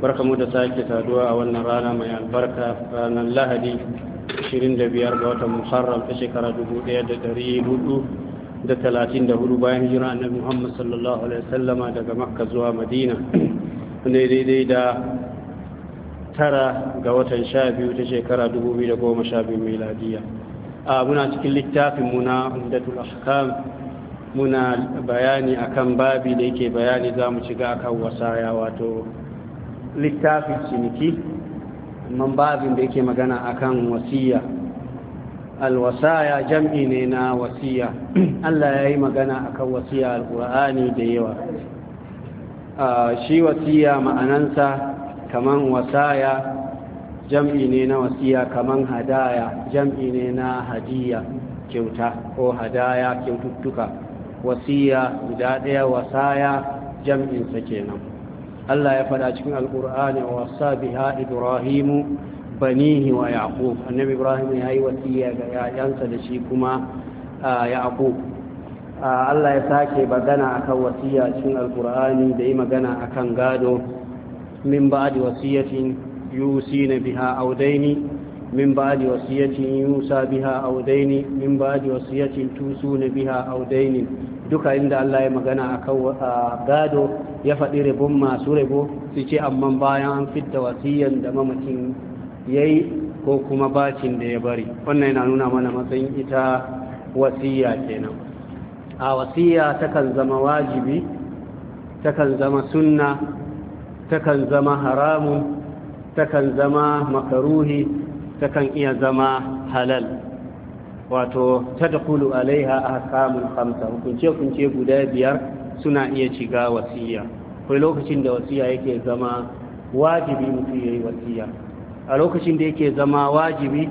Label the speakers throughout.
Speaker 1: barkamu da sake saduwa a wannan rana mai albarka ranar lahadi 25 ga watan muharram ta shekara 1434 bayan jira na muhammad sallallahu alaihi wasallama daga makka zuwa madina ne daidai da tara ga watan sha biyu ta shekara 2012 miladiya a muna cikin littafin muna da ahkam muna bayani akan babi da yake bayani za mu shiga akan wasaya wato littafin ciniki man babin da yake magana akan wasiya alwasaya jam'i ne na wasiya Allah ya yi magana akan wasiya Alkur'ani da yawa shi wasiya ma'anansa kaman wasaya jam'i ne na wasiya kaman hadaya jam'i ne na hadiya kyauta ko hadaya kyaututtuka wasiya guda ɗaya wasaya jam'insa kenan Allah ya fada cikin alkur'ani wa sabiha ibrahimu banihi wa yaqub annabi ibrahim ya yi wasiya ga yayansa da shi kuma yaqub Allah ya sake magana akan wasiya cikin alkur'ani da yi magana akan gado min ba'di wasiyatin yusina biha audaini من بعد وصية يوسى بها أو دين من بعد وصية توسون بها أو دين duka inda Allah ya magana a kan gado ya faɗi ribon masu ribo su ce amma bayan an fidda wasiyan da mamacin ya yi ko kuma bacin da ya bari wannan yana nuna mana matsayin ita wasiya kenan a wasiya takan zama wajibi takan zama sunna takan zama haramun takan zama makaruhi takan iya zama halal wato ta da kulu alaiha a samun hamsa hukunce-hukunce guda biyar suna iya shiga wasiya kai lokacin da wasiya yake zama wajibi mutum ya yi wasiya a lokacin da yake zama wajibi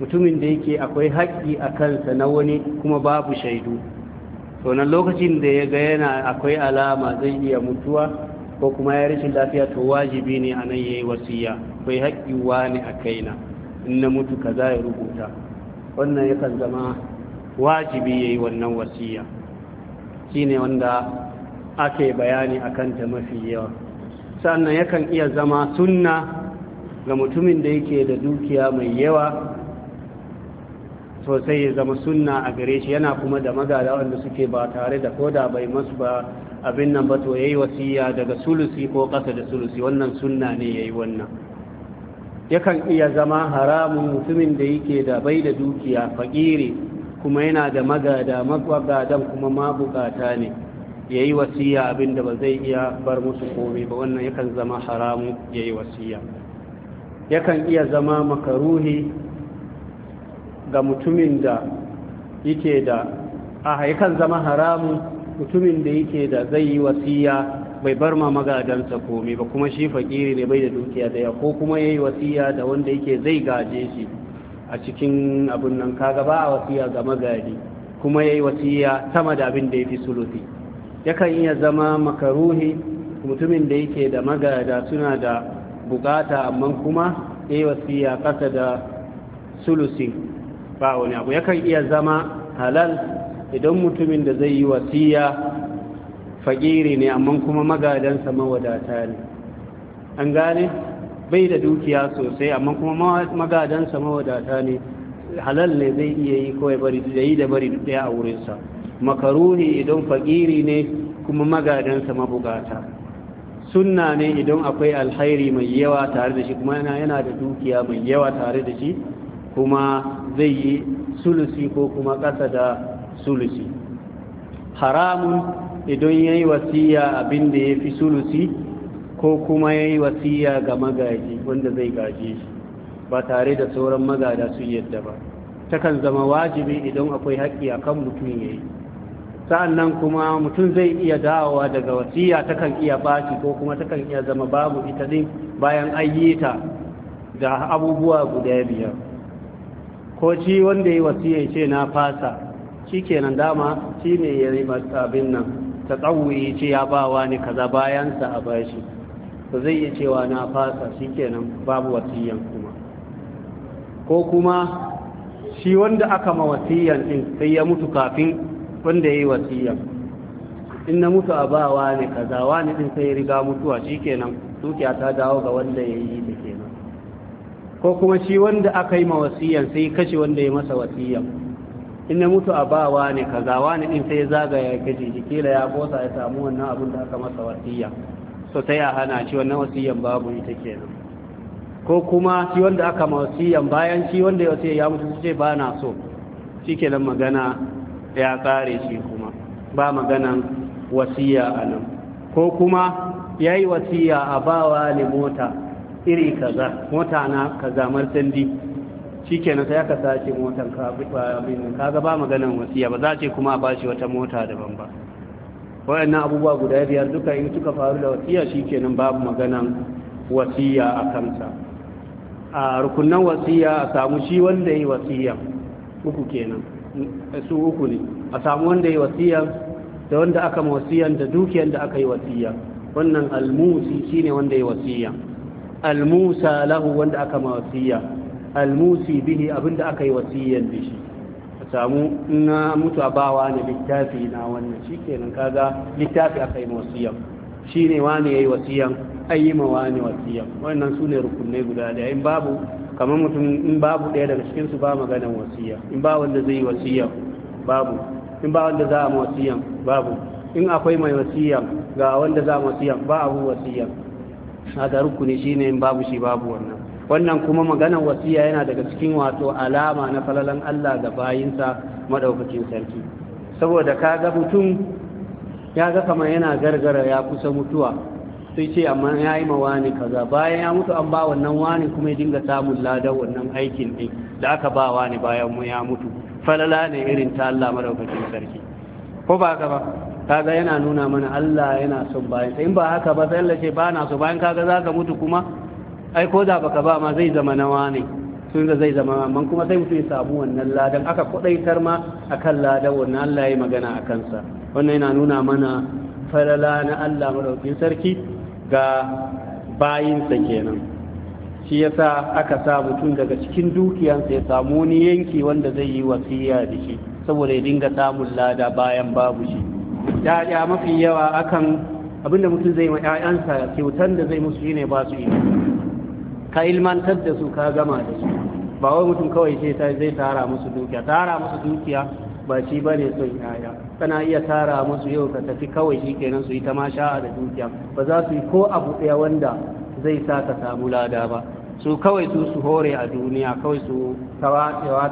Speaker 1: mutumin da yake akwai haƙƙi a kansa na wani kuma babu shaidu sonan lokacin da ya ga yana akwai alama zai iya mutuwa ko kuma ya rashin lafiya to wajibi ne a nan ya yi wasiya akwai haƙƙi wani a kaina in na mutu kaza ya rubuta wannan yakan zama wajibi ya yi wannan wasiya ne wanda ake bayani a ta mafi yawa sannan yakan iya zama sunna ga mutumin da yake da dukiya mai yawa sosai ya zama sunna a gare shi yana kuma da magada wanda suke ba tare da koda bai masu ba abin nan ba to ya yi wasiya daga sulusi ko ƙasa da sulusi wannan sunna ne ya yi wannan yakan iya zama haramun mutumin da yake da bai da dukiya fakiri kuma yana da magada magadan kuma mabukata ne ya yi wasiya abin ba zai iya bar musu komai ba wannan yakan zama haramu ya yi wasiya yakan iya zama makaruhi ga mutumin da yake da aha yakan zama haramu mutumin da yake da zai yi wasiya bai bar ma magadansa komai ba kuma shi fakiri ne bai da dukiya da ya ko kuma yayi wasiya da wanda yake zai gaje shi a cikin abin nan kaga ba a wasiya ga magadi kuma yayi wasiya sama da abin da yafi sulusi yakan iya zama makaruhi mutumin da yake da magada suna da bukata amma kuma yayi wasiya kasa da sulusi ba wani abu yakan iya zama halal idan mutumin da zai yi wasiya faƙiri ne amma kuma magadansa mawadata ne an gane bai da dukiya sosai amma kuma magadansa mawadata ne halal ne zai iya yi kawai bari da yi da bari ɗaya a wurinsa makaruni idan faƙiri ne kuma magadansa mabugata sunna ne idan akwai alhairi mai yawa tare da shi kuma yana da dukiya mai yawa tare da shi kuma zai yi sulusi ko kuma ƙasa da sulusi haramun idan ya yi wasiya abinda ya fi sulusi ko kuma ya yi wasiya ga magaji wanda zai gaji shi ba tare da sauran magada su yadda ba takan zama wajibi idan akwai haƙƙi a kan mutum ya yi sa'annan kuma mutum zai iya dawowa daga wasiya takan iya baci ko kuma takan iya zama babu ita din bayan ayyita da abubuwa guda biyar ko ci wanda ya yi wasiya ce na fasa shi kenan dama shi ne ya yi abin nan ta tsawuyi ce ya ba wa ne kaza bayansa a bashi ta zai iya cewa na fasa shi kenan babu wasiyan kuma ko kuma shi wanda aka ma wasiyan din sai ya mutu kafin wanda ya yi wasiyan in na mutu a ba wa ne kaza wa ne din sai riga mutuwa shi kenan dukiya ta dawo ga wanda ya yi da kenan ko kuma shi wanda aka yi ma wasiyan sai kashe wanda ya masa wasiyan in na mutu a bawa ne kaza wani din sai zagaya gaji jiki ya kosa ya samu wannan abin da aka masa wasiya so sai a hana shi wannan wasiyan babu ita kenan ko kuma shi wanda aka ma wasiyan bayan shi wanda ya wasiya ya mutu ce ba na so shikenan magana ya kare shi kuma ba maganan wasiya a nan ko kuma ya yi wasiya a bawa ne mota iri kaza mota na kaza sandi. shikenan sai aka sace motar ka gaba maganin wasiya ba za ce kuma a bashi wata mota daban ba wayannan abubuwa guda biyar duka in suka faru da wasiya shikenan babu maganan wasiya a kansa a rukunan wasiya a samu shi wanda yi wasiya uku kenan su uku ne a samu wanda yi wasiya da wanda aka wasiyan da dukiyar da aka yi wasiya wannan almusi shine wanda yi wasiya almusa lahu wanda aka wasiya almusi bihi abinda aka yi wasiyyar da shi a samu na mutu bawa ne littafi na wannan shi kenan kaga littafi aka yi wasiyyar shi ne wani ya yi wasiyyar an yi ma wani wasiyyar wannan su ne rukunai guda da in babu kamar mutum in babu ɗaya daga cikinsu ba maganan wasiyya in ba wanda zai yi wasiyya babu in ba wanda za a wasiyya babu in akwai mai wasiyya ga wanda za a wasiyya ba abu wasiyya haka rukuni shine in babu shi babu wannan wannan kuma maganan wasiya yana daga cikin wato alama na falalan Allah ga bayinsa madaukakin sarki saboda ka ga mutum ya ga kamar yana gargara ya kusa mutuwa sai ce amma ya yi mawani kaza bayan ya mutu an ba wannan wani kuma ya dinga samun ladan wannan aikin ɗin da aka ba wani bayan mu ya mutu falala ne irin ta Allah madaukakin sarki ko ba ka ba kaga yana nuna mana Allah yana son bayan in ba haka ba sai Allah ce ba na so bayan kaga zaka mutu kuma ai ko da baka ba ma zai zama nawa ne sun da zai zama man kuma sai mutum ya samu wannan ladan aka kudaitar ma akan ladan wannan Allah ya magana a kansa wannan yana nuna mana falala na Allah madaukin sarki ga bayinsa kenan shi yasa aka sa mutum daga cikin sa ya samu wani yanki wanda zai yi wasiya da shi saboda ya dinga samun lada bayan babu shi ya mafi yawa akan abinda mutum zai yi wa ƴaƴansa, kyautan da zai musu shine ba su yi. ka ilmantar da su ka gama da su ba wai mutum kawai ce zai tara musu dukiya tara musu dukiya ba shi ba ne son yaya kana iya tara musu yau ka tafi kawai shi kenan su yi ta a da dukiya ba za su yi ko abu ɗaya wanda zai sa ka samu lada ba su kawai su su hore a duniya kawai su ta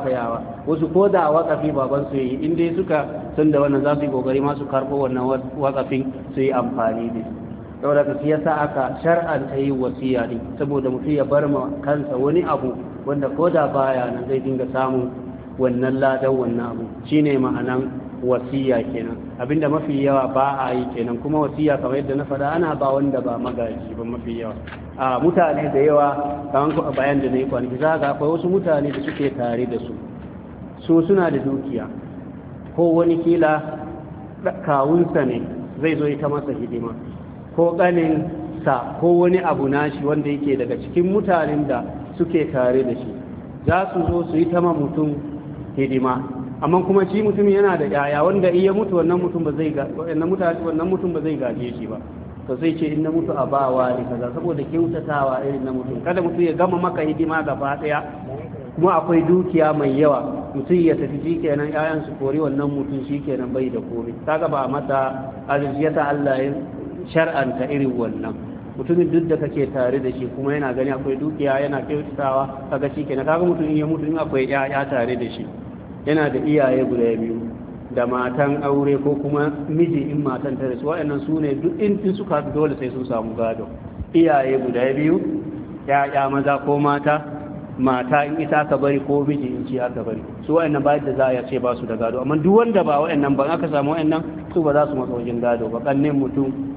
Speaker 1: yawa wasu ko da wakafi baban su yi inda suka san da wannan za su yi kokari masu su karɓo wannan wakafin su yi amfani da saboda ka yasa aka shar'anta yi wasiya ne saboda mutum ya bar ma kansa wani abu wanda ko da baya nan zai dinga samun wannan ladan wannan abu shine ma'anan wasiya kenan abinda mafi yawa ba a yi kenan kuma wasiya kamar yadda na faɗa ana ba wanda ba magaji ba mafi yawa a mutane da yawa kamar ku a bayan da na yi kwanaki za ga akwai wasu mutane da suke tare da su su suna da dukiya ko wani kila kawunsa ne zai zo ta masa hidima ko ƙaninsa ko wani abu nashi wanda yake daga cikin mutanen da suke tare da shi za su zo su yi tama mutum hidima amma kuma shi mutum yana da yaya wanda iya mutu wannan mutum ba zai wannan mutum ba zai gaje shi ba to sai ce in na mutu a ba wa ne kaza saboda kyautatawa irin na mutum kada mutum ya gama maka hidima gaba daya kuma akwai dukiya mai yawa mutum ya tafi shi kenan ƴaƴan su kori wannan mutum shi kenan bai da komai kaga ba mata azizi ya Allah shar'anta irin wannan mutumin duk da kake tare da shi kuma yana gani akwai dukiya yana kyautatawa kaga shi kenan kaga mutumin ya mutu akwai ƴaƴa tare da shi yana da iyaye guda biyu da matan aure ko kuma miji in matan ta rasu wa'annan su ne duk in suka dole sai sun samu gado iyaye guda biyu ƴaƴa maza ko mata mata in ita aka bari ko miji in ci aka bari su wa'annan ba yadda za a ce ba su da gado amma duk wanda ba wa'annan ba aka samu wa'annan su ba za su matsa wajen gado ba kannin mutum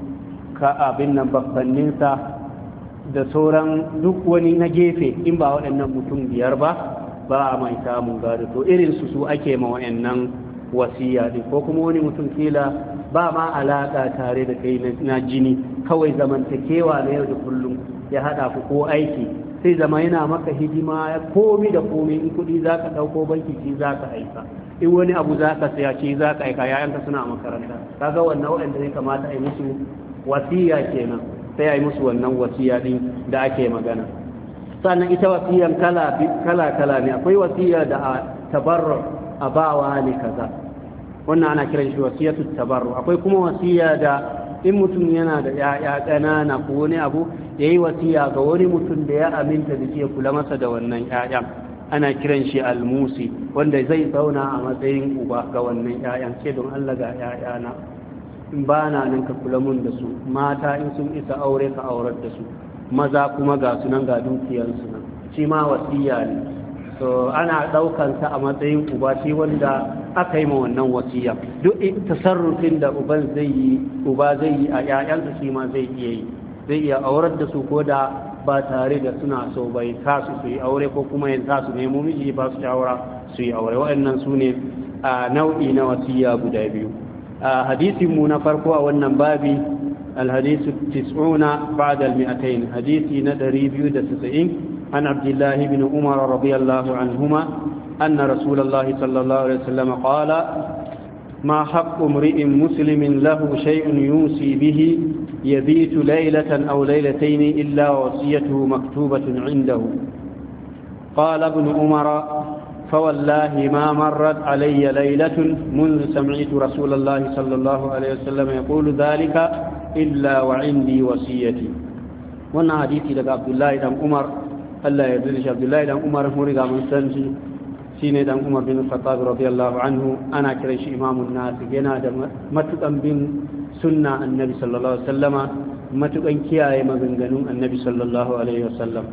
Speaker 1: Ka abin nan sa da sauran duk wani na gefe in ba waɗannan mutum biyar ba ba a mai samun gado to irin su su ake ma waɗannan wasiya ɗin ko kuma wani mutum kila ba ma alaƙa tare da kai na jini kawai zamantakewa na yau da kullum ya haɗa ku ko aiki sai zama yana maka hidima komi da komi in kuɗi za ka ɗauko banki shi za ka aika in wani abu za ka saya shi za ka aika yayanka suna makaranta kaga wannan waɗanda ya kamata a yi musu wasiya kenan sai a yi musu wannan wasiya din da ake magana sannan ita wasiyan kala kala ne akwai wasiya da a tabarru a bawa ne kaza wannan ana kiran shi wasiyatu tabarru akwai kuma wasiya da in mutum yana da ya'ya ƙanana ko wani abu ya yi wasiya ga wani mutum da ya aminta da ya kula masa da wannan yaya ana kiran shi almusi wanda zai zauna a matsayin uba ga wannan ya'yan ce don Allah ga yaya na ba na nan ka kula mun da su mata in sun isa aure ka aurar da su maza kuma ga su nan ga dukiyarsu nan shi ma wasiya ne so ana ɗaukansa a matsayin uba shi wanda aka yi ma wannan wasiya duk tasarrufin da uban zai yi uba zai yi a ƴaƴansa shi ma zai iya yi zai iya aurar da su ko da ba tare da suna so bai su yi aure ko kuma yanzu za su nemo miji ba su shawara su yi aure waɗannan su ne a nau'i na wasiya guda biyu آه، حديث منفرق وانا بابي الحديث التسعون بعد المئتين حديث ندري بيودة التسعين عن عبد الله بن عمر رضي الله عنهما أن رسول الله صلى الله عليه وسلم قال ما حق امرئ مسلم له شيء يوصي به يبيت ليلة أو ليلتين إلا وصيته مكتوبة عنده قال ابن عمر فوالله ما مرت علي ليلة منذ سمعت رسول الله صلى الله عليه وسلم يقول ذلك إلا وعندي وصيتي وانا حديثي لك عبد الله بن عمر الله يرضي عبد الله بن عمر مرغا من سنجي سيني بن عمر بن الخطاب رضي الله عنه أنا كريش إمام الناس جنا متقن بن سنة النبي صلى الله عليه وسلم matukan kiyaye maganganun annabi sallallahu alaihi wasallam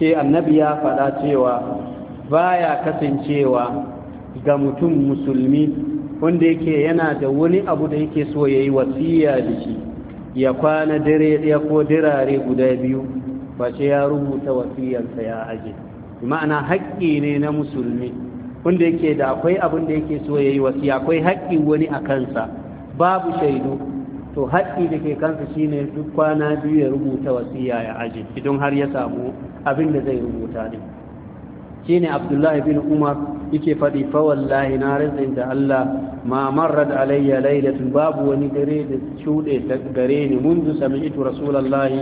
Speaker 1: sai annabi ya faɗa cewa baya kasancewa ga mutum musulmi wanda yake yana da wani abu da yake so ya yi wasiya da shi ya kwana dare ya ko dirare guda biyu ba ce ya rubuta wasiyarsa ya aje ma'ana haƙƙi ne na musulmi wanda yake da akwai abin da yake so ya yi wasiya akwai haƙƙi wani a kansa babu shaidu to haƙƙi da ke kansa shine duk kwana biyu ya rubuta wasiya ya aje idan har ya samu abin da zai rubuta ne ne abdullahi bin umar yake faɗi fa wallahi na rantsin da Allah ma marrat alayya laylatun babu wani dare da shuɗe da gare ni منذ سمعت رسول الله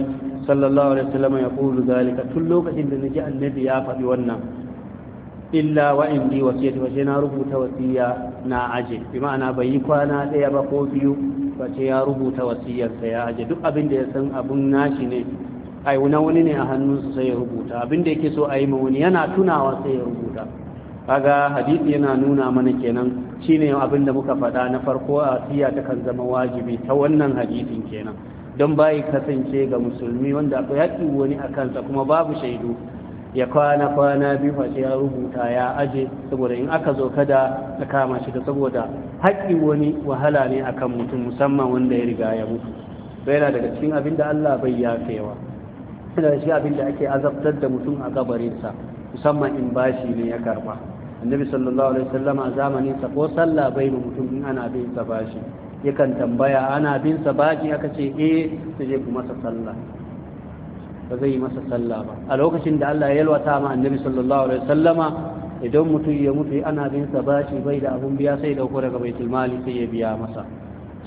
Speaker 1: صلى الله عليه ya يقول ذلك tun lokacin da naji annabi ya faɗi wannan illa wa in bi wasiyati wa na rubuta wasiya na aje bi ma'ana bai yi kwana ɗaya ba ko biyu ba ce ya rubuta wasiyarsa ya aje duk abin da ya san abun nashi ne ai wani ne a hannunsa sai ya rubuta abinda yake so a yi ma wani yana tunawa sai ya rubuta kaga hadisi yana nuna mana kenan shine abin da muka faɗa na farko a siya ta kan zama wajibi ta wannan hadisin kenan don bayi kasance ga musulmi wanda akwai yaƙi wani a kansa kuma babu shaidu ya kwana kwana biyu face ya rubuta ya aje saboda in aka zo kada ta kama shi da saboda haƙi wani wahala ne akan mutum musamman wanda ya riga ya mutu yana daga cikin abin da Allah bai yafewa da shi abin da ake azabtar da mutum a gabarinsa musamman in bashi ne ya karba annabi sallallahu alaihi wasallam a zamanin sa ko sallah bai mu mutum in ana bin sa bashi yakan tambaya ana bin sa bashi aka ce eh sai je ku masa sallah ba zai yi masa sallah ba a lokacin da Allah ya yalwata ma annabi sallallahu alaihi wasallama idan mutum ya mutu ana bin sa bashi bai da abun biya sai dauko daga baitul mali sai ya biya masa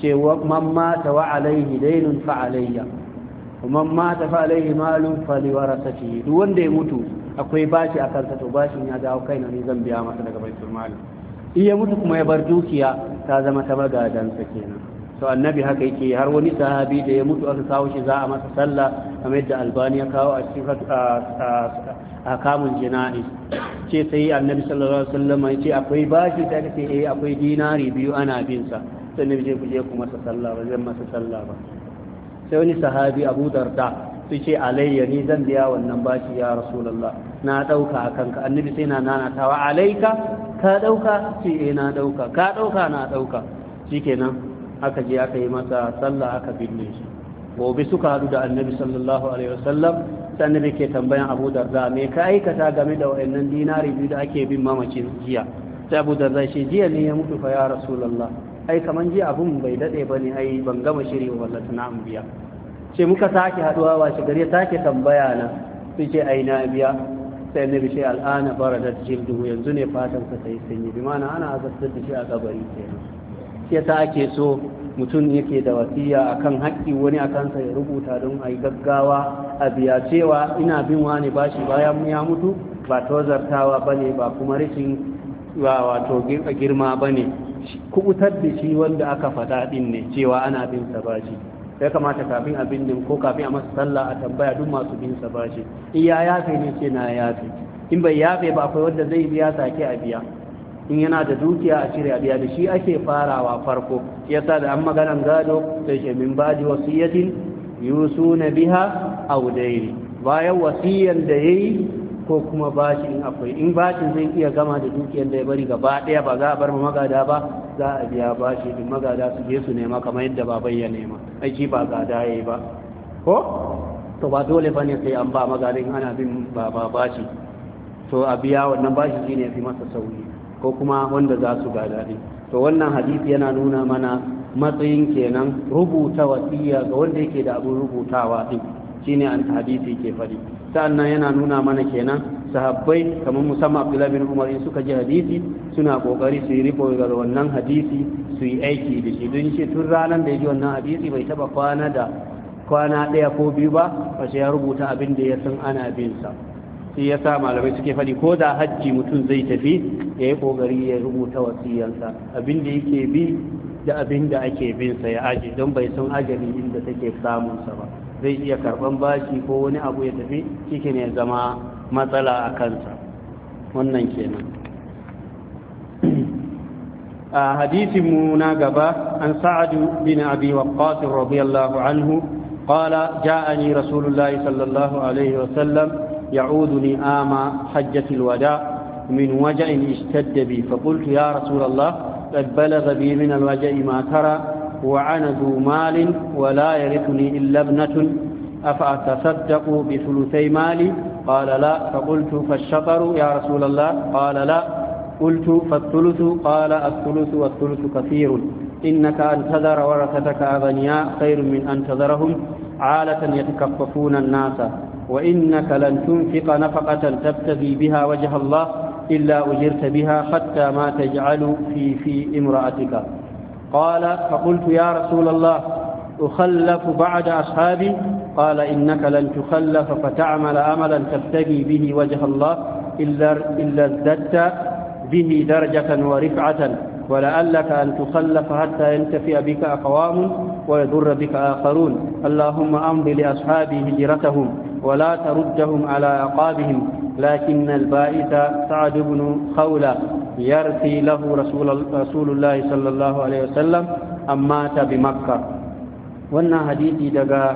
Speaker 1: cewa man mata wa alaihi daynun fa alayya kuma mata fa alaihi malu fa liwarasati duk wanda ya mutu akwai bashi a kansa to bashin ya dawo kaina ne zan biya masa daga baitul mal iya mutu kuma ya bar dukiya ta zama ta magadansa kenan to annabi haka yake har wani sahabi da ya mutu aka kawo shi za a masa sallah kamar yadda albani ya kawo a cikin hakamun jina'i ce sai annabi sallallahu alaihi wasallam ya ce akwai bashi ta ce eh akwai dinari biyu ana bin sa sai ne je ku masa sallah ba zan masa sallah ba sai wani sahabi abu darda su ce alayya ni zan biya wannan bashi ya rasulallah na ɗauka a kanka annabi sai na nanatawa alaika ka ɗauka ce eh na ɗauka ka ɗauka na ɗauka shikenan aka je aka yi masa sallah aka binne shi gobe suka haɗu da annabi sallallahu alaihi wasallam sai annabi ke tambayan abu darda me ka aikata game da wayannan dinari biyu da ake bin mamacin jiya sai abu darda shi jiya ne ya mutu fa ya rasulallah ai kaman jiya abun bai daɗe ba ne ai ban gama shiri wa wallata na biya ce muka sake haɗuwa shi gari ya sake tambaya na su ce ai na biya sai na bishe al'ana bara da jildu yanzu ne fatansa ta yi sanyi bi mana ana azabtar da shi a kabari kenan ke ta ake so mutum yake da wasiya akan haƙƙi wani a kansa ya rubuta don a yi gaggawa a biya cewa ina bin wani bashi bayan ya mutu ba tozartawa ba ne ba kuma rashin wato girma ba ne kubutar da shi wanda aka faɗa ɗin ne cewa ana bin sa bashi ya kamata kafin a din ko kafin a masa sallah a tambaya duk masu bin sa bashi in ya yafe ne ce na yafe in bai yafe ba akwai wanda zai biya sake a biya in yana da dukiya a cire a biya da shi ake farawa farko yasa da an maganan gado sai ke min baji wasiyatin yusuna biha aw daini bayan wasiyan da yayi ko kuma bashi in akwai in bashin zai iya gama da dukiyar da ya bari gaba ɗaya ba za a bar magada ba za a biya bashi din magada su je su nema kamar yadda ba ya nema aiki ba gada ya yi ba ko to ba dole ba ne sai an ba magadin ana bin ba ba bashi to a biya wannan bashi shi ne fi masa sauri ko kuma wanda za su gada din to wannan hadisi yana nuna mana matsayin kenan rubuta wasiya ga wanda yake da abin rubutawa ɗin shine an hadisi ke fadi sa'annan yana nuna mana kenan sahabbai kamar musamman Abdullahi bin Umar in suka ji hadisi suna kokari su yi riko ga wannan hadisi su yi aiki da shi don shi tun ranar da ya wannan hadisi bai taba kwana da kwana ɗaya ko biyu ba ba ya rubuta abin da ya san ana bin sa shi ya sa malamai suke faɗi ko da hajji mutum zai tafi ya yi ƙoƙari ya rubuta wasiyansa abin da yake bi da abin da ake binsa ya aji don bai san ajali inda take samun sa ba zai iya karban bashi ko wani abu ya tafi ciki ne zama matsala a kansa wannan kenan a hadisin mu na gaba an sa'adu bin abi waqqas radiyallahu anhu qala ja'ani rasulullah sallallahu alaihi wa sallam ya'uduni ama hajjatul wada min waja'in ishtadda bi fa qultu ya rasulullah qad balagha bi min al-waja'i ma tara وعن ذو مال ولا يرثني إلا ابنة أفأتصدق بثلثي مالي قال لا فقلت فالشطر يا رسول الله قال لا قلت فالثلث قال الثلث والثلث كثير إنك أن تذر ورثتك أغنياء خير من أن تذرهم عالة يتكففون الناس وإنك لن تنفق نفقة تبتغي بها وجه الله إلا أجرت بها حتى ما تجعل في في امرأتك قال فقلت يا رسول الله أخلف بعد أصحابي قال إنك لن تخلف فتعمل أملا تبتغي به وجه الله إلا, إلا ازددت به درجة ورفعة ولعلك أن تخلف حتى ينتفئ بك أقوام ويضر بك آخرون اللهم أمضي لأصحابي هجرتهم ولا تردهم على أعقابهم لكن البائس سعد بن خولة يرثي له رسول, رسول الله صلى الله عليه وسلم أم مات بمكة وانا حديثي دقا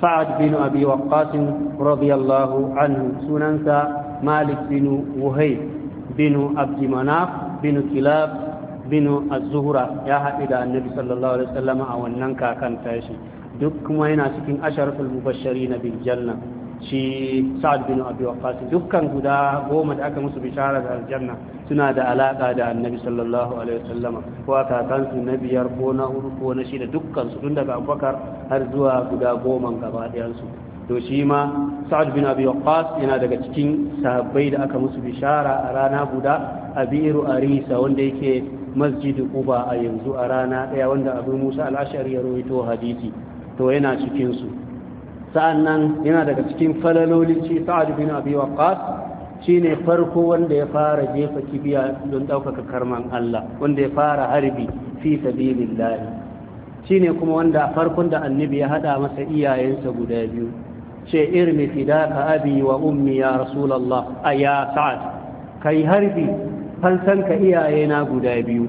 Speaker 1: سعد بن أبي وقاص رضي الله عنه سننسى مالك بن وهيب بن عبد مناف بن كلاب بن الزهرة يا حقيقة النبي صلى الله عليه وسلم أو النكا كان تاشي دك ما هنا سكين أشرف المبشرين بالجنة shi sa'ad bin abi waqas dukkan guda goma da aka musu bishara da aljanna suna da alaka da annabi sallallahu alaihi wasallama ko aka kan su na biyar ko na hudu ko na shida dukkan su tun daga abubakar har zuwa guda goma gaba ɗayan su to shi ma sa'ad bin abi waqas yana daga cikin sahabbai da aka musu bishara a rana guda Ab'iru arisa wanda yake masjid quba a yanzu a rana ɗaya wanda abu musa al-ashari ya rawaito hadisi to yana cikin su sa'annan yana daga cikin falaloli ci sa'ad bin abi waqqas shine farko wanda ya fara jefa kibiya don ɗaukaka karman Allah wanda ya fara harbi fi sabilillah shine kuma wanda farkon da annabi ya hada masa iyayensa guda biyu ce irmi fidaka abi wa ummi ya rasulullah aya sa'ad kai harbi fansan ka iyayena guda biyu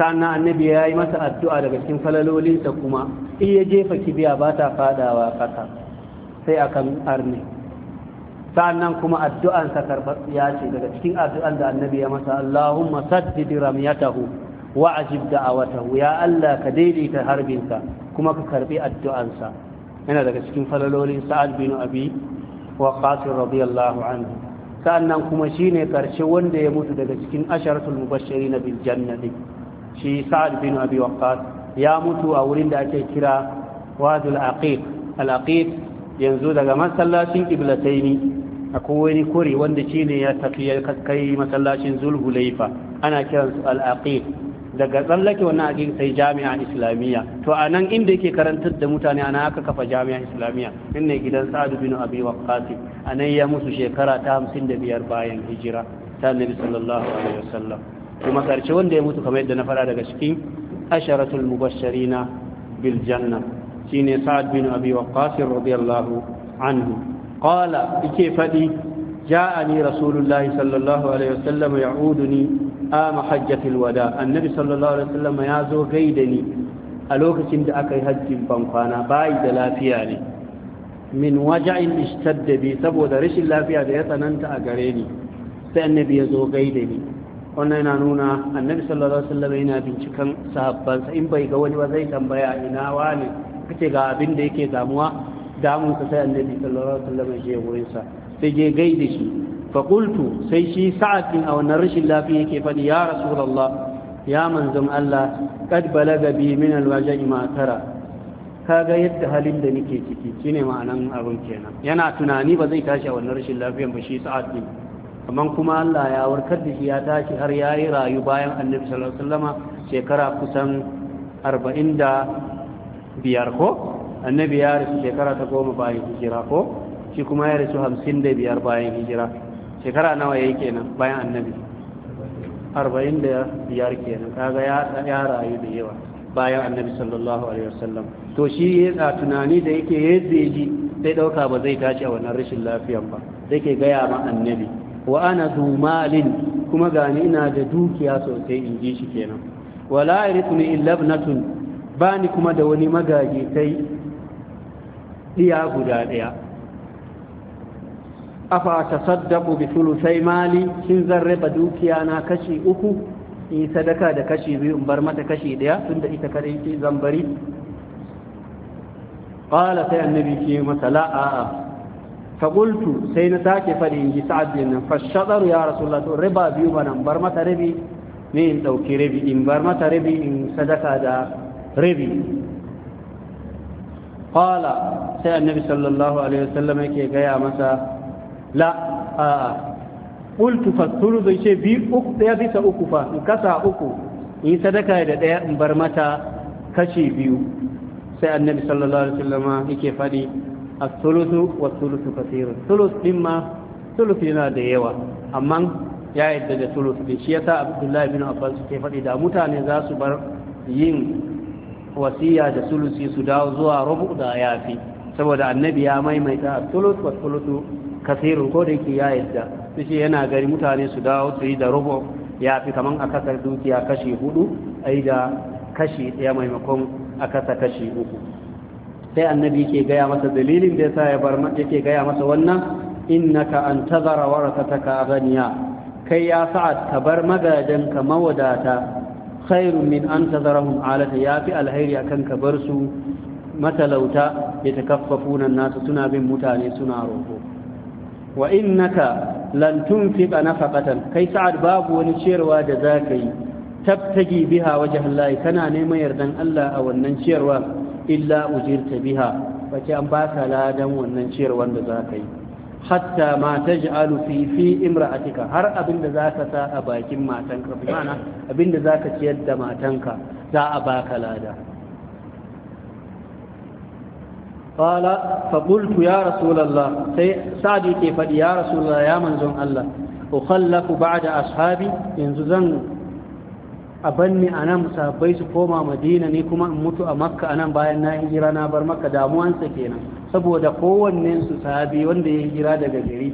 Speaker 1: sannan annabi ya yi masa addu'a daga cikin falalolinsa kuma iya jefa kibiya ba ta fadawa ƙasa sai a kan arni sannan kuma addu'ansa ya ce daga cikin addu'an da annabi ya masa Allahumma saddidi ramyatahu wa ajib da'awatahu ya Allah ka daidaita harbinsa kuma ka karɓi addu'ansa yana daga cikin falalolin sa'ad bin abi wa qasir radiyallahu anhu sannan kuma shine karshe wanda ya mutu daga cikin asharatul mubashirin bil jannati shi sa'ad bin abi waqqas ya mutu a wurin da ake kira wadul aqiq al aqiq yanzu daga masallacin qiblataini akwai wani kuri wanda ne ya tafi ya kai masallacin zulhulaifa ana kiran al aqiq daga tsallake wannan aqiq sai jami'a islamiyya to anan inda yake karantar da mutane ana aka kafa jami'a islamiyya ne gidan sa'ad bin abi waqqas anan ya musu shekara ta 55 bayan hijira ta annabi sallallahu alaihi wasallam kuma karshe wanda ya mutu kamar yadda na fara daga ciki asharatul mubashirina bil janna shine sa'ad bin abi waqqas radiyallahu anhu qala ike fadi ja'ani rasulullahi sallallahu alaihi wasallam ya'uduni am hajjatil wada annabi sallallahu alaihi wasallam ya zo gaidani a lokacin da aka yi hajjin bankwana bai da lafiya ne min waja'in ishtadda bi saboda rashin lafiya da ya tsananta a gare ni sai annabi ya zo gaidani wannan yana nuna annabi sallallahu alaihi wasallam yana binciken sahabbansa in bai ga wani ba zai tambaya ina wani kace ga abin da yake damuwa damun sa sai annabi sallallahu alaihi wasallam ya je wurin sa sai je gaida shi fa qultu sai shi sa'ad bin a wannan rashin lafiya yake fadi ya rasulullah ya manzon Allah kad balaga bi min alwaja'i ma tara kaga yadda halin da nake ciki shine ma'anan abin kenan yana tunani ba zai tashi a wannan rashin lafiyan ba shi sa'ad bin amma kuma Allah ya warkar da shi ya tashi har ya yi rayu bayan annabi sallallahu alaihi wasallama shekara kusan biyar ko annabi ya rasu shekara ta goma bayan hijira ko shi kuma ya rasu 55 bayan hijira shekara nawa yayi kenan bayan annabi 45 kenan kaga ya ya rayu da yawa bayan annabi sallallahu alaihi wasallam to shi ya tunani da yake yadda ji sai dauka ba zai tashi a wannan rashin lafiyan ba sai ke gaya ma annabi wa ana dumalin kuma gani ina da dukiya sosai in ji shi kenan wala irithuni illa ibnatun bani kuma da wani magaji sai iya guda daya afa tasaddaqu bi thuluthai mali shin zan raba dukiya na kashi uku in sadaka da kashi biyu in bar mata kashi daya tunda ita kare ki zan bari qala sai annabi ce masa la'a فقلت سين ساكي فلين سعد لنا فالشطر يا رسول الله ربا بيو بنا برمة ربي مين توكي ربي إن برمة ربي إن صدق دا ربي قال سيئ النبي صلى الله عليه وسلم كي قيا مسا لا آآ آه، آه. قلت فالثلث شيء بي أكو يا بيس أكو فا نكسا أكو إن صدق دا إن برمة كشي بيو سيئ النبي صلى الله عليه وسلم كي fadi as-sulusu wa sulusu kathirun sulus ma sulus yana da yawa amma ya yadda da sulus din shi yasa Abdullahi bin Abbas ke faɗi da mutane za su bar yin wasiya da sulusi su dawo zuwa rubu da yafi saboda annabi ya maimaita as-sulus wa sulusu kathirun ko da yake ya yadda shi yana gari mutane su dawo su yi da rubu ya fi kaman a kasar dukiya kashi hudu aida da kashi ɗaya maimakon a kasa kashi uku sai annabi ke gaya masa dalilin da sa ya bar yake gaya masa wannan innaka an tazara warasataka ghaniya kai ya sa'ad ka bar magadanka mawadata khairun min an tazarahum alata yafi alheri akan ka bar su matalauta ya takaffafuna nasu suna bin mutane suna roƙo wa innaka lan tunfiqa nafaqatan kai sa'ad babu wani ciyarwa da zaka yi tabtagi biha wajhallahi kana neman yardan Allah a wannan ciyarwa illa ujirta biha bace an baka ladan wannan ciyar wanda za ka yi hatta ma taj'alu fi fi imra'atika har abinda za ka sa a bakin matanka bi mana abinda za ka ciyar da matanka za a baka lada qala fa qultu ya rasulullah sai sadi ke fadi ya rasulullah ya manzon Allah ukhallafu ba'da ashabi yanzu zan a banni a nan su koma madina ne kuma in mutu a makka a nan bayan na hijira na bar makka damuwansa kenan saboda kowanne su sahabi wanda ya hijira daga gari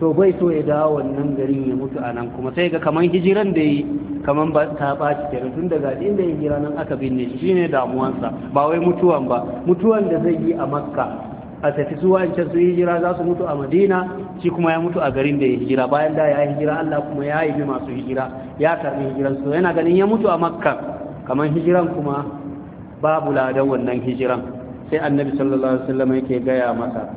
Speaker 1: to bai so ya dawo wannan garin ya mutu a nan kuma sai ga kaman hijiran da yi kaman ba ta ɓaci kenan tun daga inda ya hijira nan aka binne shi shine damuwansa ba wai mutuwan ba mutuwan da zai yi a makka a tafi su su hijira za su mutu a madina shi kuma ya mutu a garin da ya hijira bayan da ya hijira allah kuma ya yi masu hijira ya karbi hijiran su yana ganin ya mutu a makka kamar hijiran kuma babu ladan wannan hijiran sai annabi sallallahu alaihi wasallam yake gaya masa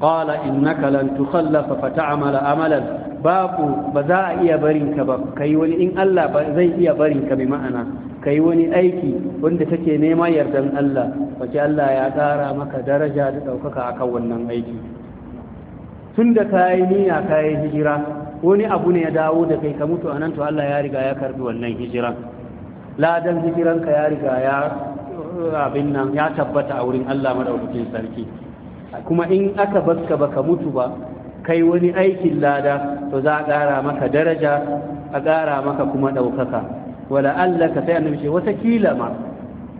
Speaker 1: qala innaka lan tukhallafa fata'mala amalan babu ba za a iya barinka ba kai wani in allah ba zai iya barinka bi ma'ana ka wani aiki wanda take nema yardan Allah wace Allah ya ƙara maka daraja da ɗaukaka a kan wannan aiki tun da ka yi niyya ka yi hijira wani abu ne ya dawo da kai ka mutu anan nan to Allah ya riga ya karbi wannan hijiran ladan hijiranka ya riga ya abin nan ya tabbata a wurin Allah madaukakin sarki kuma in aka baska baka mutu ba kai wani aikin lada to za a ƙara maka daraja a ƙara maka kuma ɗaukaka wala ka sai annabi ce wata kila ma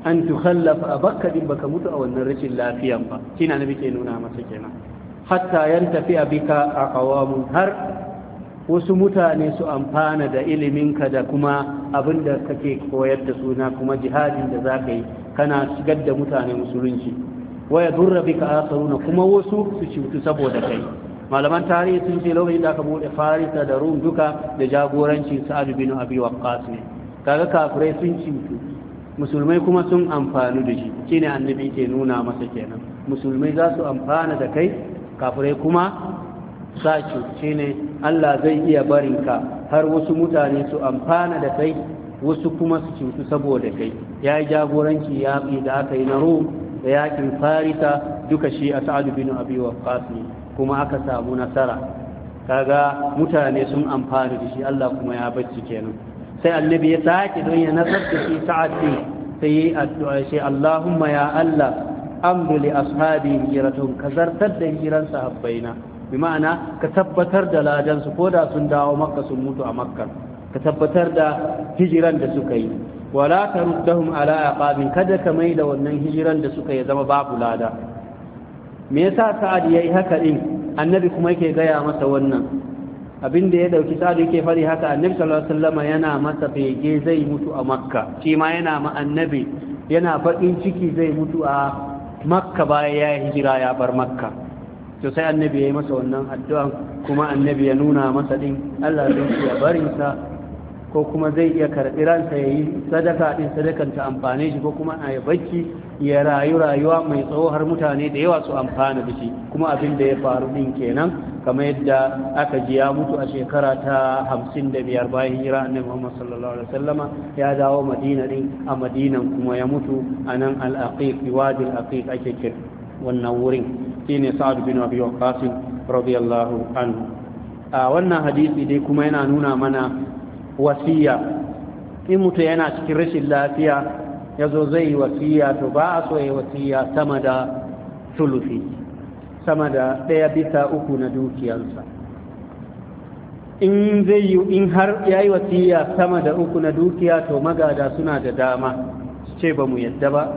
Speaker 1: an tukhallafa abakka din baka mutu a wannan rashin lafiyan ba kina annabi ke nuna masa kenan hatta yantafi bika aqwamun har wasu mutane su amfana da iliminka da kuma abin da kake koyar da suna kuma jihadin da za ka yi kana shigar da mutane musulunci waya durra bika asaruna kuma wasu su cutu saboda kai malaman tarihi sun ce lokacin da aka bude farisa da rum duka da Jagoranci, sa'ad bin abi waqqas ne kaga kafirai sun cutu musulmai kuma sun amfani da shi ne annabi ke nuna masa kenan musulmai za su amfana da kai kafirai kuma sa cutu ne Allah zai iya barinka har wasu mutane su amfana da kai wasu kuma su cutu saboda kai ya yi jagoranci yaƙi da aka yi na rom da yakin farisa duka shi a sa'adu bin abi waqqas kuma aka samu nasara kaga mutane sun amfani da shi Allah kuma ya bacci kenan sai annabi ya sake don ya nasar da shi sa'ad din sai yi addu'a shi Allahumma ya Allah amdu li ashabi hiratun ka zartar da hiran sahabbaina bi ma'ana ka tabbatar da ladan su koda sun dawo makka sun mutu a makka ka tabbatar da hijiran da suka yi wala taruddahum ala aqabin kada ka mai da wannan hijiran da suka yi zama babu lada me yasa sa'ad yayi haka din annabi kuma yake gaya masa wannan abin da ya dauki sa'adu yake fari haka annabi sallallahu alaihi wasallam yana masa bege zai mutu a makka shi ma yana ma annabi yana fadin ciki zai mutu a makka bayan ya hijira ya bar makka to sai annabi ya yi masa wannan addu'a kuma annabi ya nuna masa din Allah zai barinsa ko kuma zai iya karbi ransa ya sadaka din sadakan ta amfane shi ko kuma a bacci ya rayu rayuwa mai tsawo har mutane da yawa su amfana da shi kuma abin da ya faru din kenan kamar yadda aka ji mutu a shekara ta hamsin da biyar bayan hira annabi Muhammad sallallahu alaihi wasallama ya dawo Madina din a Madinan kuma ya mutu a nan al-Aqiq wadi al ake kira wannan wurin shine Sa'ad bin Abi Waqqas radiyallahu anhu a wannan hadisi dai kuma yana nuna mana wasiya in mutu yana cikin rashin lafiya ya zo zai yi wasiya to ba a so ya wasiya sama da sulufi sama da ɗaya bisa uku na dukiyarsa in zai yi in har ya yi wasiya sama da uku na dukiya to magada suna da dama su ce ba mu yadda ba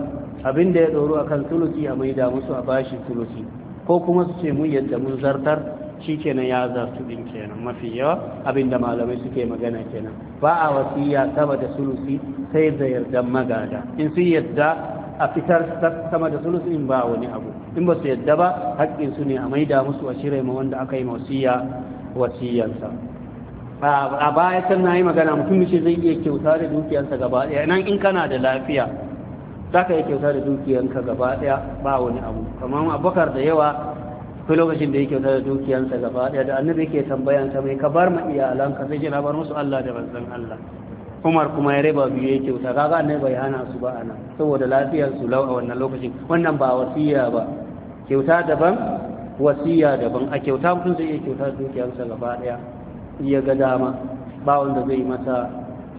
Speaker 1: abin da ya ɗoro a kan sulufi a maida musu a bashi sulufi ko kuma su ce mu yadda mun zartar shi kenan ya zartu din kenan mafi yawa abinda malamai suke magana kenan ba a wasiya sama da sulusi sai da yarda magada in sun yadda a fitar sama da sulusi in ba wani abu in ba su yadda ba haƙƙin su ne a maida musu a shirai ma wanda aka yi wasiya wasiyansa a baya can na yi magana mutum mace zai iya kyauta da dukiyarsa gaba ɗaya nan in kana da lafiya za ka yi kyauta da dukiyanka gaba ɗaya ba wani abu kamar abokar da yawa ko lokacin da yake da dukiyansa gaba ɗaya da annabi yake tambayan sa mai ka bar ma iyalanka sai jira bar musu Allah da manzon Allah Umar kuma ya raba biyu yake ta kaga annabi bai hana su ba ana saboda lafiyar su lau a wannan lokacin wannan ba wasiya ba kyauta daban wasiya daban a kyauta mutum zai iya kyauta dukiyansa gaba ɗaya iya ga dama ba wanda zai masa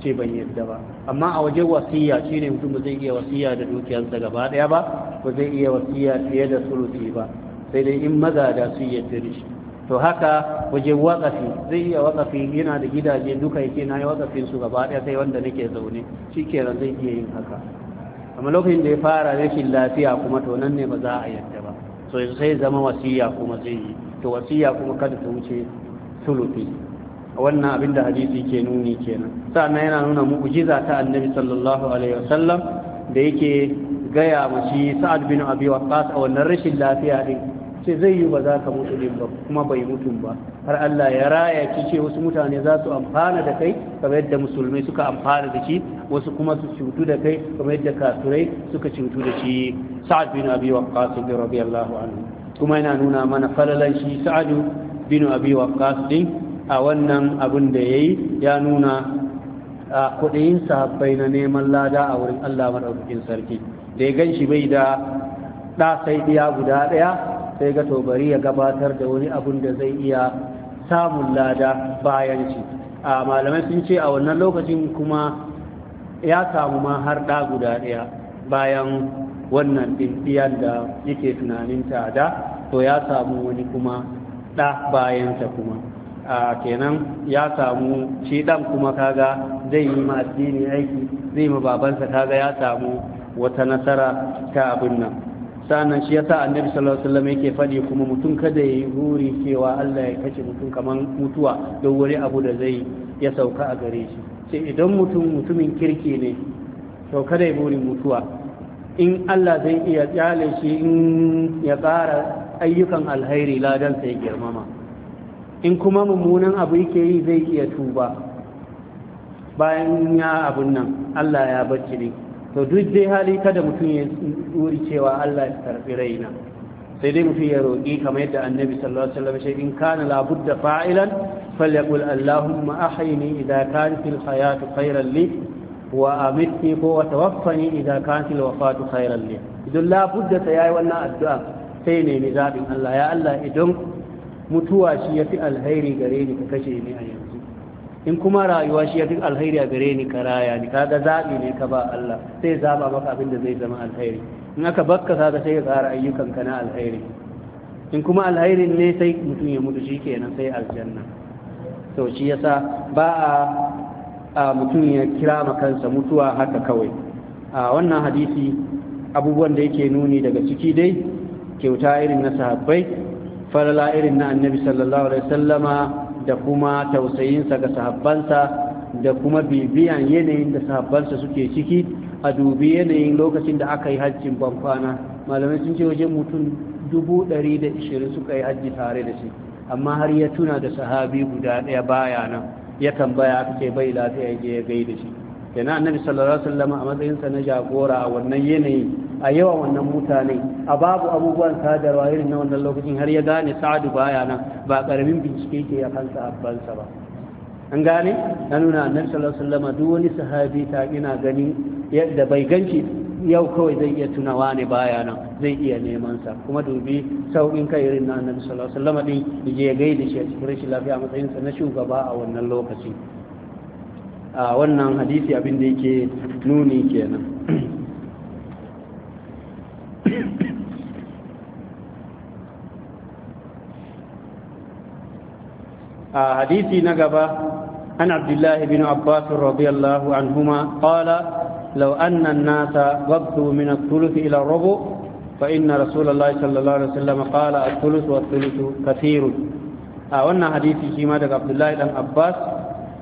Speaker 1: ce ban yadda ba amma a wajen wasiya shi ne mutum zai iya wasiya da dukiyansa gaba ɗaya ba ba zai iya wasiya fiye da sulusi ba sai dai in magada su yadda da shi to haka waje waƙafi zai iya waƙafi yana da gidaje duka yake na yi waƙafin su gaba ɗaya sai wanda nake zaune shi kenan zai iya yin haka amma lokacin da ya fara rashin lafiya kuma to nan ne ba za a yadda ba so yanzu sai zama wasiya kuma zai yi to wasiya kuma kada ta wuce sulufi wannan abin da hadisi ke nuni kenan sannan yana nuna mu'jiza ta annabi sallallahu alaihi wasallam da yake gaya mashi sa'ad bin abi waqqas wannan rashin lafiya din sai zai yi ba za ka mutu ne ba kuma bai mutu ba har Allah ya raya ki ce wasu mutane za su amfana da kai kamar yadda musulmai suka amfana da shi wasu kuma su cutu da kai kamar yadda kafirai suka cutu da shi sa'ad bin abi waqqas radiyallahu anhu kuma yana nuna mana falalan shi sa'ad bin abi waqqas din a wannan abin da yayi ya nuna a kudin sahabbai na neman lada a wurin Allah maɗaukakin sarki da ya ganshi bai da ɗa sai guda ɗaya sai ga to bari ya gabatar da wani abun da zai iya samun lada bayan shi a malamai sun ce a wannan lokacin kuma ya samu ma har ɗa guda ɗaya bayan wannan ɗinɗiyar da yake tunanin ta da to ya samu wani kuma ɗa bayansa kuma a kenan ya samu shi ɗan kuma kaga zai yi ma addini aiki zai ma babansa kaga ya samu wata nasara ta abin nan sanan shi yasa annabi sallallahu alaihi wasallam yake fadi kuma mutum kada yayi huri cewa Allah ya kace mutum kaman mutuwa don wani abu da zai ya sauka a gare shi sai idan mutum mutumin kirki ne to kada ya buri mutuwa in Allah zai iya tsale shi in ya tsara ayyukan alhairi ladan sai girmama in kuma mummunan abu yake yi zai iya tuba bayan ya abun nan Allah ya bacci ne to duk dai hali kada mutum ya wuri cewa Allah ya karbi raina sai dai mutum ya roƙi kamar yadda annabi sallallahu alaihi wasallam shi in kana la budda fa'ilan falyaqul allahumma ahyini idha kanat al hayatu khayran li wa amitni ko wa tawaffani idha kanat al wafatu khayran li idan la budda sai wannan addu'a sai ne ni zabin Allah ya Allah idan mutuwa shi yafi alheri gare ni ka kashe ni a yau in kuma rayuwa shi ya fi alkhairi a gare ni karaya ni kaga zaɓi ne ka ba Allah sai zaɓa maka abin da zai zama alkhairi in aka bakka ka sai ya tsara ayyukan ka na alkhairi in kuma alkhairi ne sai mutum ya mutu shi kenan sai aljanna to shi yasa ba a mutum ya kira ma kansa mutuwa haka kawai a wannan hadisi abubuwan da yake nuni daga ciki dai kyauta irin na sahabbai falala irin na annabi sallallahu alaihi wasallama da kuma tausayinsa ga sahabbansa da kuma bibiyan yanayin da sahabbansa suke ciki a dubi yanayin lokacin da aka yi hajjin bankwana malamai sun ce wajen mutum dubu da ishirin suka yi hajji tare da shi amma har ya tuna da sahabi guda ɗaya baya nan ya tambaya aka ce bai lafiya ya gai da shi kenan annabi sallallahu alaihi wasallam a matsayinsa na jagora a wannan yanayin a yawan wannan mutane a babu abubuwan sadarwa irin na wannan lokacin har ya gane sa'adu baya nan ba karamin bincike ke ya kansa a abbansa ba an gane ya nuna annabi sallallahu alaihi wasallam duk wani sahabi ta ina gani yadda bai ganci yau kawai zai iya tunawa ne baya nan zai iya neman sa kuma dubi saukin kai irin na annabi sallallahu alaihi wasallam din je ya gaida shi a cikin rashin lafiya a matsayin sa na shugaba a wannan lokaci a wannan hadisi abin da yake nuni kenan حديثي نقبة عن عبد الله بن عباس رضي الله عنهما قال لو أن الناس غضوا من الثلث إلى الربع فإن رسول الله صلى الله عليه وسلم قال الثلث والثلث A wannan hadisi shi ma daga abdullahi dan abbas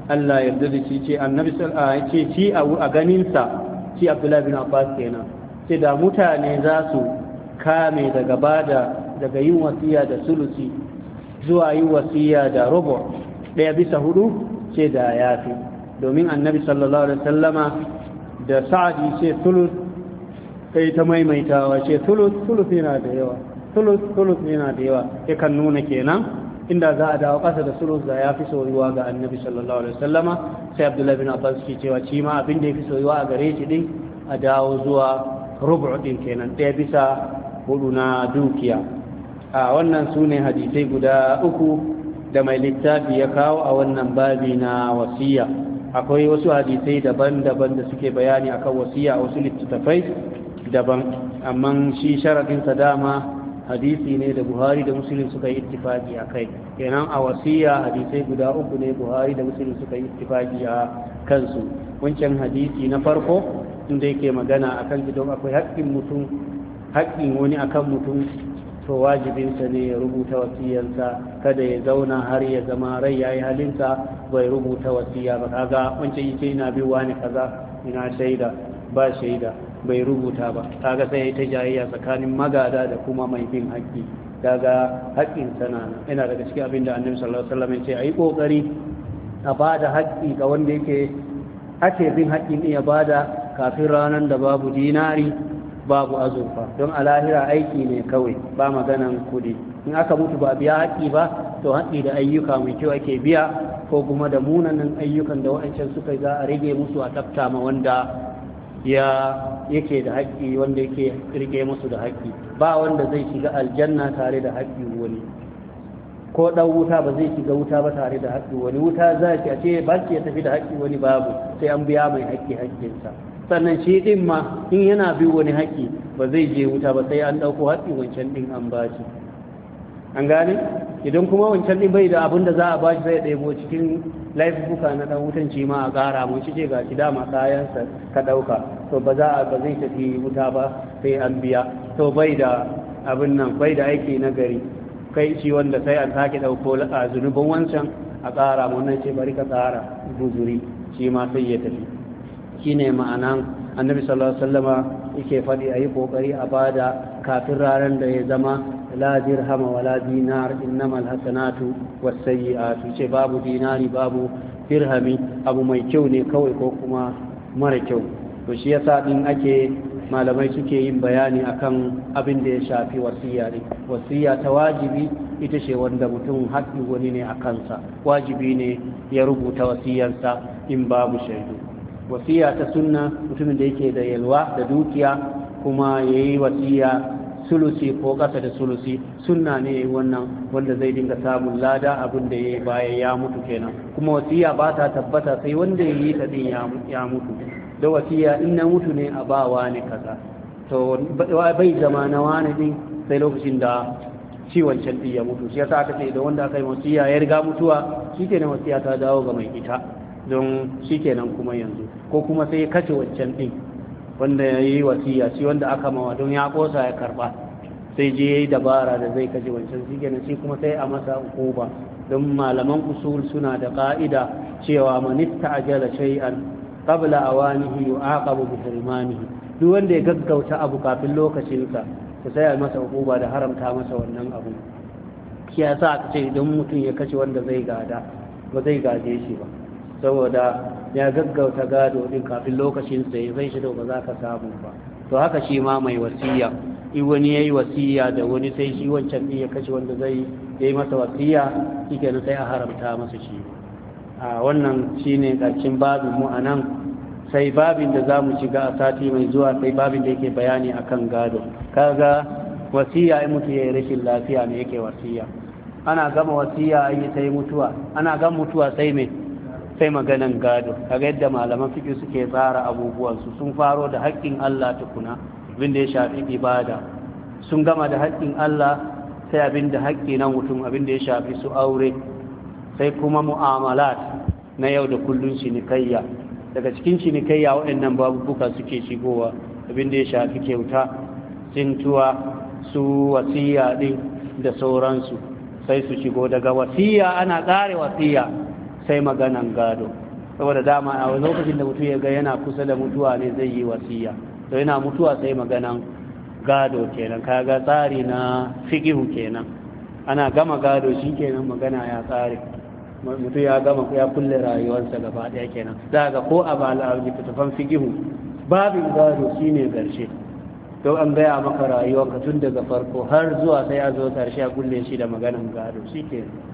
Speaker 1: allah yarda da shi ce annabi ce ci a ganinsa shi abdullahi bin abbas kenan ce da mutane za su kame daga bada daga yin wasiya da sulusi zuwa yi wasiya da rubu daya bisa hudu ce da ya fi domin annabi sallallahu alaihi sallama da sa'adi ce tulus kai ta maimaitawa ce tulus tulus yana da yawa tulus tulus yana da yawa kan nuna kenan inda za a dawo kasa da sulus da ya fi soyuwa ga annabi sallallahu alaihi sallama sai abdullahi bin abbas ke cewa shi ma abin da ya fi soyuwa a gare shi din a dawo zuwa rubu din kenan ɗaya bisa hudu na dukiya a wannan su ne hadisai guda uku da mai littafi ya kawo a wannan babi na wasiya akwai wasu hadisai daban-daban da suke bayani akan wasiya a wasu littattafai daban amma shi sharafinsa dama hadisi ne da buhari da musulun suka yi ittifaki a kai kenan a wasiya hadisai guda uku ne buhari da musulun suka yi ittifaki a kansu wancan hadisi na farko inda yake magana akan gidan akwai haƙƙin mutum haƙƙin wani akan mutum to wajibinsa ne ya rubuta wasiyarsa kada ya zauna har ya zama rai ya yi halinsa bai rubuta wasiya ba kaga wancan yake ina biwa ne kaza ina shaida ba shaida bai rubuta ba kaga sai ta jayayya tsakanin magada da kuma mai bin haƙƙi kaga haƙƙin sana yana daga cikin abin da annabi sallallahu alaihi wasallam ya ce ayi kokari a bada haƙƙi ga wanda yake ake bin haƙƙin ya bada kafin ranar da babu dinari babu azurfa don a lahira aiki ne kawai ba maganan kudi in aka mutu ba biya haƙi ba to haƙi da ayyuka mai kyau ake biya ko kuma da munanan ayyukan da wa'ancan suka za a rage musu a tafta ma wanda ya yake da haƙi wanda yake rike musu da haƙi ba wanda zai shiga aljanna tare da haƙi wani ko ɗan wuta ba zai shiga wuta ba tare da haƙi wani wuta za a ce ba ki tafi da haƙi wani babu sai an biya mai haƙi haƙƙinsa sannan shi din ma in yana bi wani haƙi ba zai je wuta ba sai an ɗauko haƙi wancan ɗin an ba shi an gane idan kuma wancan ɗin bai da abin da za a ba shi zai ɗaya cikin laifuka na ɗan wutan ci ma a ƙara mun shi ce ga shi dama kayansa ka ɗauka to ba za a ba zai tafi wuta ba sai an biya to bai da abin nan bai da aiki na gari kai shi wanda sai an sake ɗauko a zunubin wancan a ƙara mun nan ce bari ka ƙara guzuri shi ma sai ya tafi shine ma'anan annabi sallallahu alaihi wasallama yake faɗi a yi ƙoƙari a bada kafin ranar da ya zama la dirham wa la dinar innamal hasanatu sayiatu ce babu dinari babu dirhami abu mai kyau ne kawai ko kuma mara kyau to shi yasa din ake malamai suke yin bayani akan abin da ya shafi wasiya ne wasiya ta wajibi ita ce wanda mutum haɗi wani ne a kansa wajibi ne ya rubuta wasiyarsa in babu shaidu wasiya ta sunna mutumin da yake da yalwa da dukiya kuma yayi wasiya sulusi ko kasa da sulusi sunna ne wannan wanda zai dinga samun lada abin da ya baya ya mutu kenan kuma wasiya ba ta tabbata sai wanda ya yi ta din ya mutu da wasiya in na mutu ne a bawa ne kaza to bai zama na wani din sai lokacin da ciwon can ya mutu shi yasa aka ce da wanda aka yi wasiya ya riga mutuwa shi na wasiya ta dawo ga mai ita don shikenan kuma yanzu ko kuma sai ya kace waccan din wanda ya yi wasiya shi wanda aka mawa don ya kosa ya karba sai je ya yi dabara da zai kace wancan kenan shi kuma sai a masa hukuma don malaman usul suna da ka'ida cewa manista ajala shay'an qabla awanihi yu'aqabu bi hurmanihi duk wanda ya gaggauta abu kafin lokacinsa to sai a masa hukuma da haramta masa wannan abu shi yasa aka ce idan mutum ya kace wanda zai gada ba zai gaje shi ba saboda ya gaggauta gado din kafin lokacin sai zai shi da ba za ka samu ba to haka shi ma mai wasiya in wani yayi wasiya da wani sai shi wancan din ya kashe wanda zai yayi masa wasiya shikenan sai a haramta masa shi a wannan shine karshen babin mu anan sai babin da zamu shiga a sati mai zuwa sai babin da yake bayani akan gado kaga wasiya in mutu yayi rashin lafiya ne yake wasiya ana gama wasiya ai sai mutuwa ana gama mutuwa sai mai sai maganan gado kaga yadda malaman fiƙi suke tsara abubuwansu sun faro da haƙƙin Allah tukuna abin da ya shafi ibada sun gama da haƙƙin Allah sai abin da haƙƙi na mutum abin da ya shafi su aure sai kuma mu'amalat na yau da kullun cinikayya daga cikin cinikayya waɗannan babubuka suke shigowa abin da ya shafi kyauta tsintuwa su wasiya ɗin da sauransu sai su shigo daga wasiya ana tsare wasiya sai maganan gado saboda dama a lokacin da mutu ya ga yana kusa da mutuwa ne zai yi wasiya to yana mutuwa sai maganan gado kenan kaga tsari na fikihu kenan ana gama gado shi kenan magana ya tsare mutu ya gama ya kulle rayuwarsa gaba daya kenan za ga ko a bala fitafan fikihu babin gado shine garshe to an gaya maka rayuwarka tun daga farko har zuwa sai a zo karshe a kulle shi da maganan gado shi kenan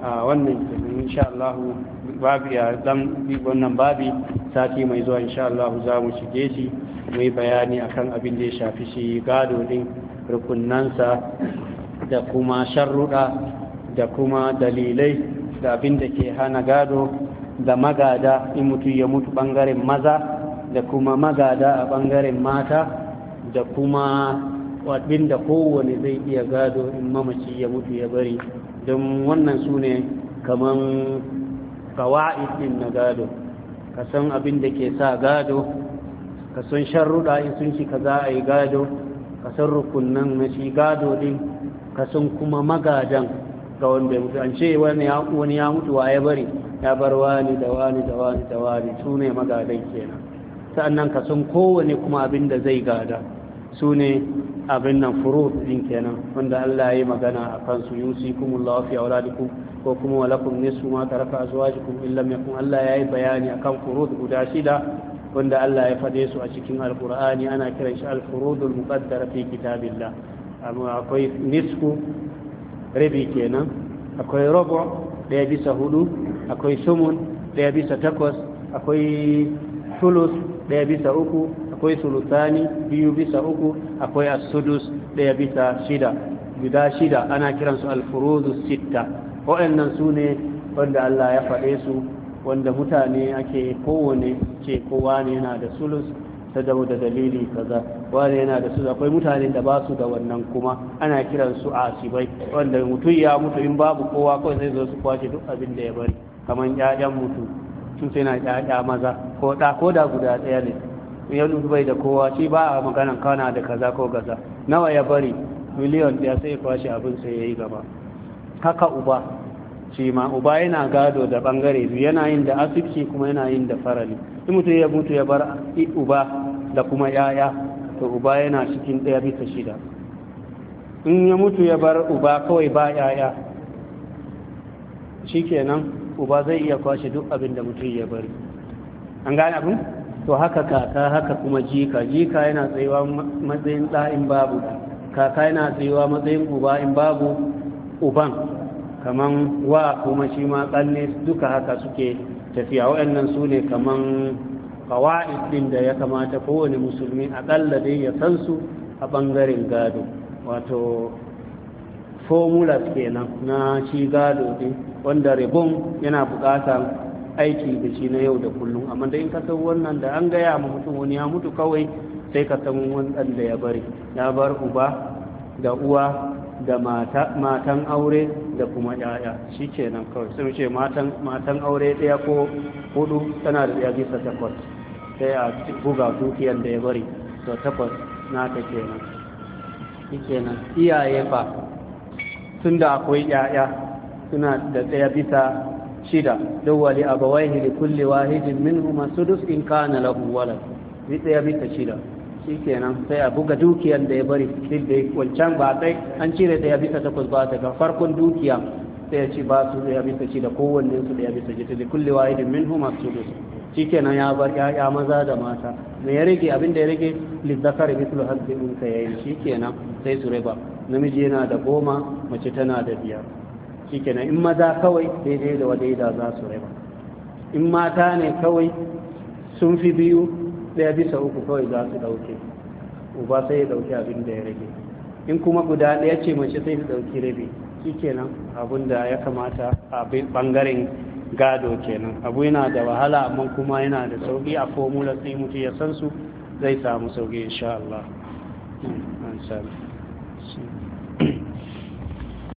Speaker 1: a wannan kenan insha Allah babu ya dan wannan babi sati mai zuwa insha Allah za mu shige shi mu yi bayani akan abin da ya shafi shi gado din rukunansa, da kuma sharruɗa da kuma dalilai da abin da ke hana gado da magada in mutum ya mutu ɓangaren maza da kuma magada a ɓangaren mata da kuma abin da kowane zai iya gado in mamaci ya mutu ya bari don wannan su ne kamar kawa'idin na gado ka san abin da ke sa gado ka san sharruɗa in sun shi ka za a yi gado ka san rukunan na shi gado din ka san kuma magajan ga wanda ya mutu an ce wani ya mutu wa ya bari ya bar wani da wani da wani da wani su ne magadan kenan sa'annan ka san kowane kuma abin da zai gada su ne abin nan furut din kenan wanda Allah ya yi magana a kansu yusikumullahu a auladikum ko kuma walakum nisfu ma taraka azwajukum in lam yakun Allah ya yi bayani akan furut guda shida wanda Allah ya fade su a cikin alkur'ani ana kiran shi al-furudul muqaddara fi kitabillah amma akwai nisku rabi kenan akwai rubu daya bisa hudu akwai sumun daya bisa takwas akwai tulus daya bisa uku akwai sulutani biyu bisa uku akwai asudus ɗaya bisa shida guda shida ana kiransu alfuruzu sita waɗannan su ne wanda Allah ya faɗe su wanda mutane ake kowane ce kowa ne yana da sulus ta dawo da dalili kaza wani yana da su akwai mutane da ba su da wannan kuma ana kiran su asibai wanda mutum ya mutu in babu kowa kawai zai zo su kwace duk abin da ya bari kamar ƴaƴan mutu sun sai na ƴaƴa maza ko ko da guda ɗaya ne ya nufi bai da kowa shi ba a maganan kana da kaza ko gaza. nawa ya bari miliyan ya sai kwashe abin sai ya yi gaba haka uba shi ma uba yana gado da bangare biyu yana yin da asibiti kuma yana yin da farali in mutum ya mutu ya bar uba da kuma yaya to uba yana cikin ɗaya bisa shida in ya mutu ya bar uba kawai ba yaya shikenan uba zai iya kwashe duk abin da mutum ya bari an gane abin to haka kaka haka kuma jika jika yana tsayuwa matsayin ɗa'in babu kaka yana tsayuwa matsayin uba in babu uban kaman wa kuma shi ma tsalle duka haka suke tafiya waɗannan su ne kaman kawa'id ɗin da ya kamata kowane musulmi aƙalla dai ya san su a ɓangaren gado wato formulas kenan na shi gado ɗin wanda ribon yana buƙatar aiki da shi na yau da kullum amma dai in ka san wannan da an gaya ma mutum wani ya mutu kawai sai ka san wannan da ya bari ya bar uba da uwa da matan aure da kuma yaya shi nan kawai sai ce matan aure ɗaya ko hudu tana da ɗaya bisa takwas sai a buga dukiyar da ya bari to takwas na ta kenan shi kenan iyaye ba tun da akwai yaya suna da ɗaya bisa shida dawwa li abawaihi li kulli wahidin minhuma sudus in kana lahu walad bi daya bi ta shida shikenan sai a buga dukiyar da ya bari duk da wancan ba sai an cire daya bisa takwas ba daga farkon dukiya sai ya ci ba su daya bisa shida kowannen su daya bisa shida li kulli wahidin minhuma sudus shikenan ya bar ya maza da mata me ya rage abin da ya rage zakari mithlu hadhihi unsa yayi shikenan sai su riba namiji yana da goma mace tana da biyar shikenan in maza kawai daidai da wadaida za su raba in mata ne kawai sun fi biyu ɗaya bisa uku kawai za su ɗauke uba sai ya ɗauki abin da ya rage in kuma guda ɗaya ce mace sai su ɗauki rabi shikenan abin da ya kamata a ɓangaren gado kenan abu yana da wahala amma kuma yana da sauƙi a formula sai mutu ya san su zai samu sauƙi insha Allah.